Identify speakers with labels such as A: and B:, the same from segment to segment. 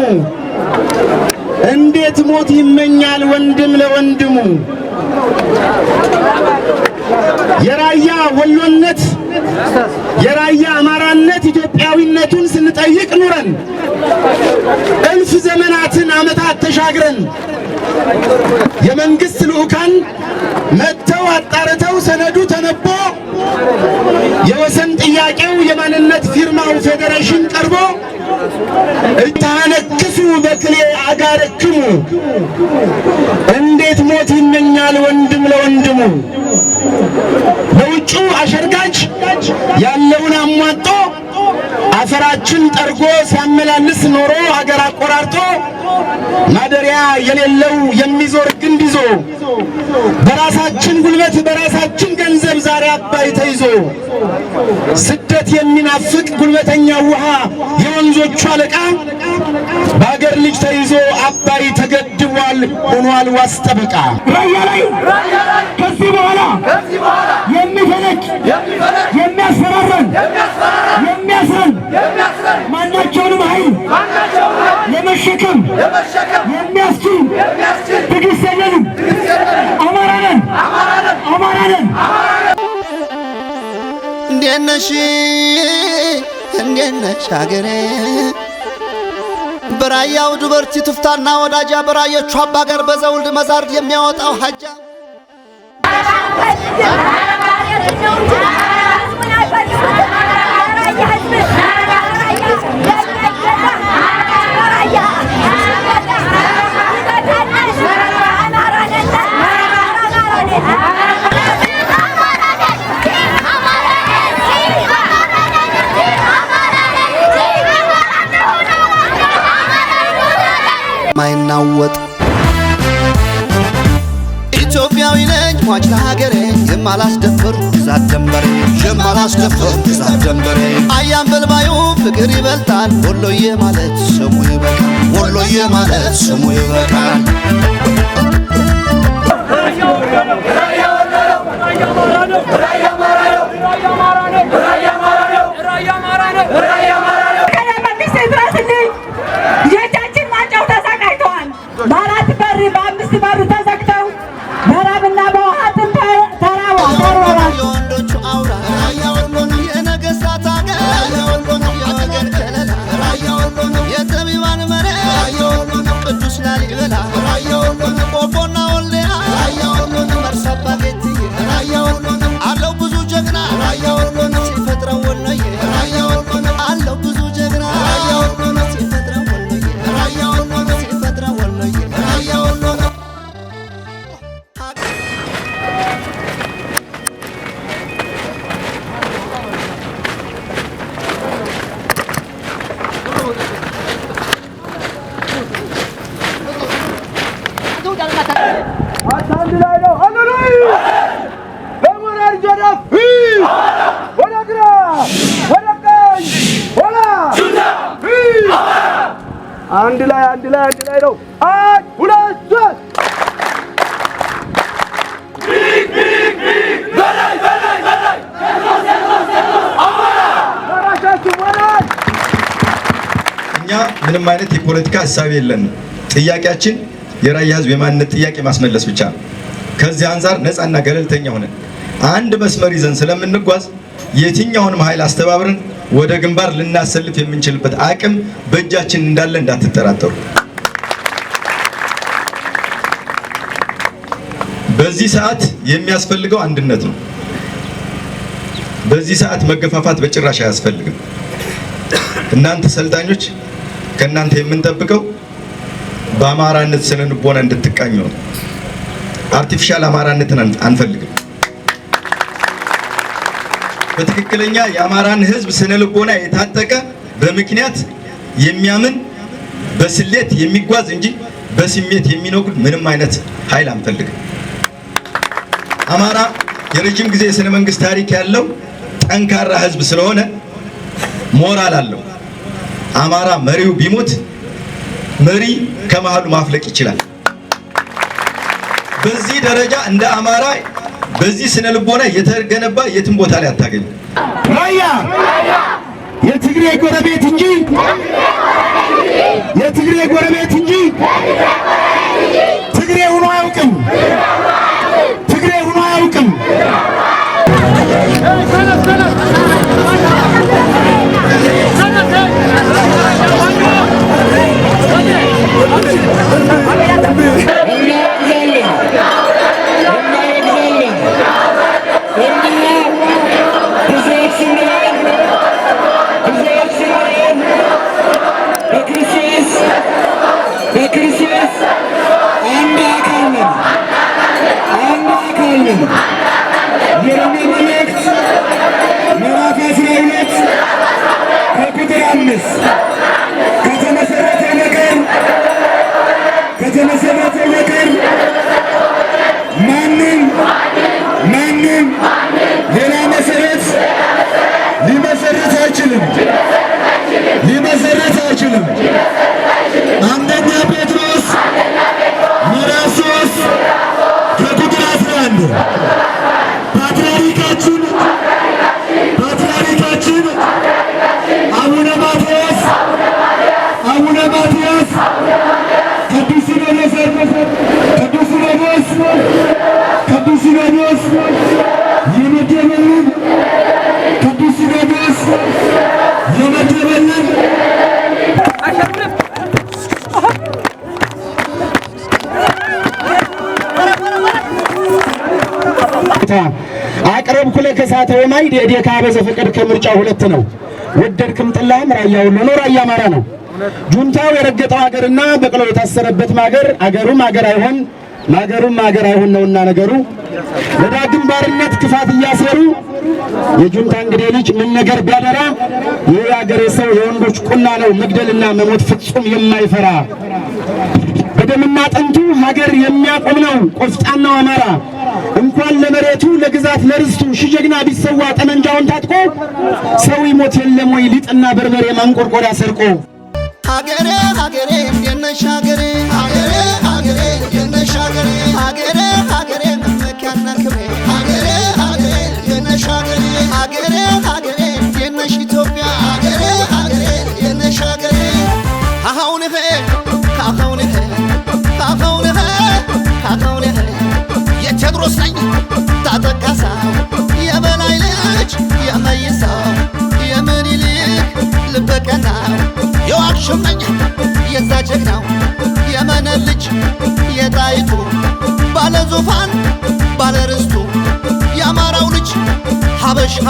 A: ወንድሙ እንዴት ሞት ይመኛል ወንድም ለወንድሙ። የራያ ወሎነት የራያ አማራነት ኢትዮጵያዊነቱን ስንጠይቅ ኑረን እልፍ ዘመናትን ዓመታት ተሻግረን የመንግስት ልዑካን መጥተው አጣርተው ሰነዱ ተነቦ የወሰን ጥያቄው የማንነት ፊርማው ፌዴሬሽን ቀርቦ እታነክሱ በክሌ አጋርክሙ እንዴት ሞት ይመኛል ወንድም ለወንድሙ በውጩ አሸርጋጅ ያለውን አሟጦ አፈራችን ጠርጎ ሲያመላልስ ኖሮ አገር አቆራርጦ ማደሪያ የሌለው የሚዞር ግንድ ይዞ በራሳችን ጉልበት በራሳችን ገንዘብ አይደለም ዛሬ አባይ ተይዞ ስደት የሚናፍቅ ጉልበተኛ ውሃ የወንዞቹ አለቃ በአገር ልጅ ተይዞ አባይ ተገድቧል ሆኗል ዋስ ጠበቃ። ራያ ላይ ከዚህ በኋላ የሚፈነጭ የሚያስፈራረን የሚያስረን ማናቸውንም ኃይል ለመሸከም የሚያስችል ትዕግሥት የለንም። አማራ ነን አማራ ነን
B: እንዴት ነሽ እንዴት ነሽ አገሬ በራያው ዱበርቲ ትፍታና ወዳጃ በራዮቹ አባ ጋር በዘውልድ መዛርድ የሚያወጣው ሀጃ የማላስደፍር ግዛት ጀምበሬ የማላስደፍር ግዛት ጀምበሬ አያም በልባዩ ፍቅር ይበልጣል ወሎዬ ማለት ስሙ ይበቃል ወሎዬ ማለት ስሙ ይበቃል መደረፍ
C: ወደ ግራ ወደ ቀኝ ሆላ አንድ ላይ አንድ ላይ አንድ ላይ ነው። አንድ ሁለት ሶስት እኛ ምንም አይነት የፖለቲካ ሀሳብ የለንም። ጥያቄያችን የራያ ህዝብ የማንነት ጥያቄ ማስመለስ ብቻ ነው። ከዚህ አንጻር ነፃና ገለልተኛ ሆነን አንድ መስመር ይዘን ስለምንጓዝ የትኛውንም ኃይል አስተባብረን ወደ ግንባር ልናሰልፍ የምንችልበት አቅም በእጃችን እንዳለ እንዳትጠራጠሩ። በዚህ ሰዓት የሚያስፈልገው አንድነት ነው። በዚህ ሰዓት መገፋፋት በጭራሽ አያስፈልግም። እናንተ ሰልጣኞች ከእናንተ የምንጠብቀው በአማራነት ስነ ልቦና እንድትቃኙ ነው። አርቲፊሻል አማራነትን አንፈልግም። በትክክለኛ የአማራን ህዝብ ስነ ልቦና የታጠቀ በምክንያት የሚያምን በስሌት የሚጓዝ እንጂ በስሜት የሚነጉድ ምንም አይነት ኃይል አንፈልግም። አማራ የረጅም ጊዜ የስነ መንግስት ታሪክ ያለው ጠንካራ ህዝብ ስለሆነ ሞራል አለው። አማራ መሪው ቢሞት መሪ ከመሃሉ ማፍለቅ ይችላል። በዚህ ደረጃ እንደ አማራ በዚህ ስነ ልቦና የተገነባ የትም ቦታ ላይ አታገኝ።
D: ራያ የትግሬ ጎረቤት እንጂ የትግሬ ጎረቤት እንጂ ትግሬ ሆኖ አያውቅም።
E: ቅዱስ ሲኖዶስ የመደበልን ቅዱስ ሲኖዶስ የመደበልን
F: አቅረብ ኩለ ከሳተ ወማይ ዴካ በዘፈቀድ ከምርጫ ሁለት ነው። ወደድክም ጥላህም ራያ ወሎ ነው፣ ራያ አማራ ነው። ጁንታው የረገጠው ሀገርና በቅሎ የታሰረበት ማገር አገሩም አገር አይሆን ማገሩም ሀገር አይሆን ነውና ነገሩ ለዳግም ባርነት ክፋት እያሰሩ የጁንታ እንግዴ ልጅ ምን ነገር ቢያደራ ይህ የሀገሬ ሰው የወንዶች ቁና ነው፣ መግደልና መሞት ፍጹም የማይፈራ በደምና አጥንቱ ሀገር የሚያቆም ነው ቆፍጣናው አማራ። እንኳን ለመሬቱ ለግዛት ለርስቱ ሽጀግና ቢሰዋ ጠመንጃውን ታጥቆ ሰው ይሞት የለም ወይ ሊጥና በርበሬ ማንቆርቆሪያ ሰርቆ
B: ሀገሬ ሀገሬ የነሽ ሀገሬ ሀገሬ መመኪያና ክብሬ ሀገሬ ሀገሬ የነሽ ሀገሬ ሀገሬ ሀገሬ ኢትዮጵያ ሀገሬ ሀገሬ የነሽ ሀገሬ ነኝ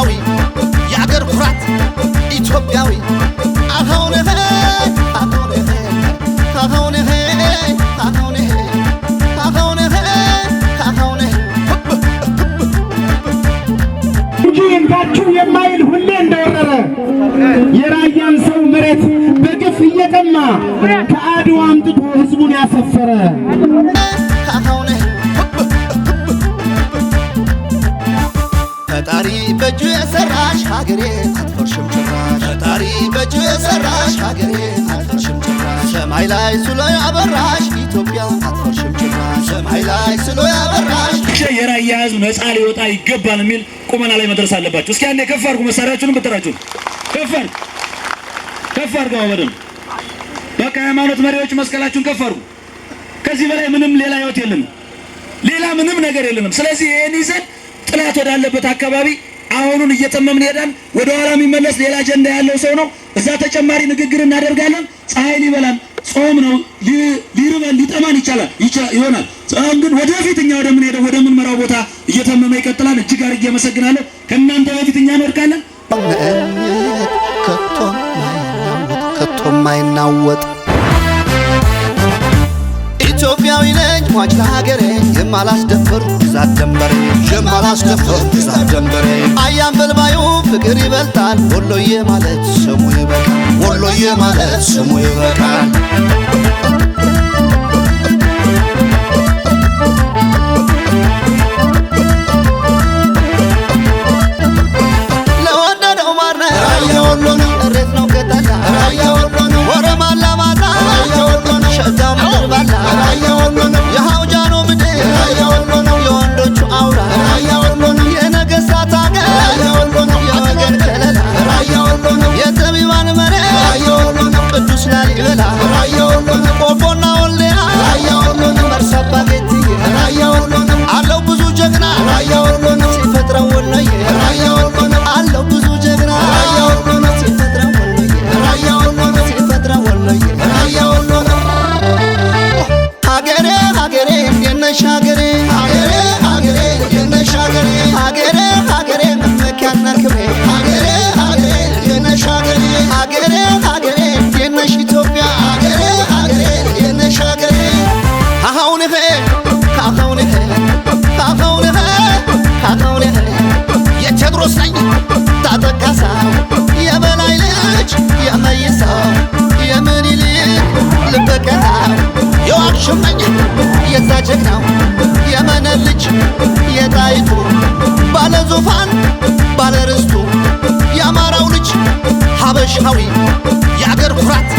B: ፍትሃዊ የአገር ኩራት ኢትዮጵያዊ አሁንህ
F: እንጂ እንታችሁ የማይል ሁሌ እንደወረረ የራያን ሰው መሬት በግፍ እየቀማ ከአድዋ አምጥቶ ህዝቡን ያሰፈረ
B: በእጁ የሰራሽ ሀገሬ አትፈርሽም ጭራሽ ፈጣሪ በእጁ የሰራሽ ሀገሬ አትፈርሽም ጭራሽ ሰማይ ላይ ስሎ ያበራሽ ኢትዮጵያ አትፈርሽም ጭራሽ ሰማይ ላይ ስሎ ያበራሽ
F: የራያ ህዝብ ነፃ ሊወጣ ይገባል የሚል ቁመና ላይ መድረስ አለባቸው። እስኪ አንዴ ከፍ አድርጉ፣ ብትራችሁን ከፍ አድርገው በቃ ሃይማኖት መሪዎች መስቀላችሁን ከፍ አድርጉ። ከዚህ በላይ ምንም ሌላ ህይወት የለንም። ሌላ ምንም ነገር የለንም። ስለዚህ ይህን ይዘን ጥላት ወዳለበት አካባቢ አሁኑን እየጠመምን ሄዳል። ወደ ኋላ የሚመለስ ሌላ አጀንዳ ያለው ሰው ነው። እዛ ተጨማሪ ንግግር እናደርጋለን። ፀሐይ ሊበላን ጾም ነው ሊርበን ሊጠማን ይቻላል ይሆናል። ጾም ግን ወደፊት እኛ ምን መራው ቦታ እየተመመ ይቀጥላል። እጅግ አድርጌ አመሰግናለሁ። ከእናንተ በፊት እኛ እንወድቃለን። ከቶ
B: ማይናወጥ ኢትዮጵያዊ ነኝ ሟች ለሀገሬ የማላስደፍር አላስደፍር ግዛት ደንበሬ ዝም ግዛት ደንበሬ አያም በልባዩ ፍቅር ይበልጣል ወሎዬ ማለት ስሙ ይበቃል ወሎዬ ማለት ስሙ ይበቃል አለው ብዙ ጀግና ሀገሬ ሀገሬ እንዴት ነሽ ሀገሬ ሀገሬ ሀገሬ መመኪያና ክብሬ ሀገሬ ሀገሬ እንዴት ነሽ ኢትዮጵያ ሀገሬ ሀገሬ ሙስጠኝ ታጠቃሳው የበላይ ልጅ የመይሳው የምኒልክ ልበቀናው የዋክሽመኝ የዛ ጀግናው የመነ ልጅ የጣይቱ ባለዙፋን ባለርስቱ የአማራው ልጅ ሀበሻዊ የአገር ኩራት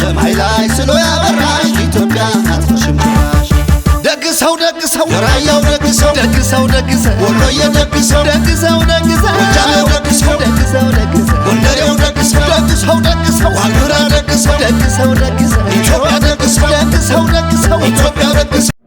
B: ሰማይ ላይ ስሎ ያበራሽ ኢትዮጵያ አትሽምራሽ ደግሰው ደግሰው የራያው ደግሰው ደግሰው ደግሰው ወሎዬ ደግሰው ደግሰው ደግሰው ጎጃሜው ደግሰው ደግሰው ደግሰው ጎንደሬው ደግሰው ደግሰው ደግሰው ዋግምራ ደግሰው ደግሰው ደግሰው ኢትዮጵያ ደግሰው ደግሰው ደግሰው ኢትዮጵያ ደግሰው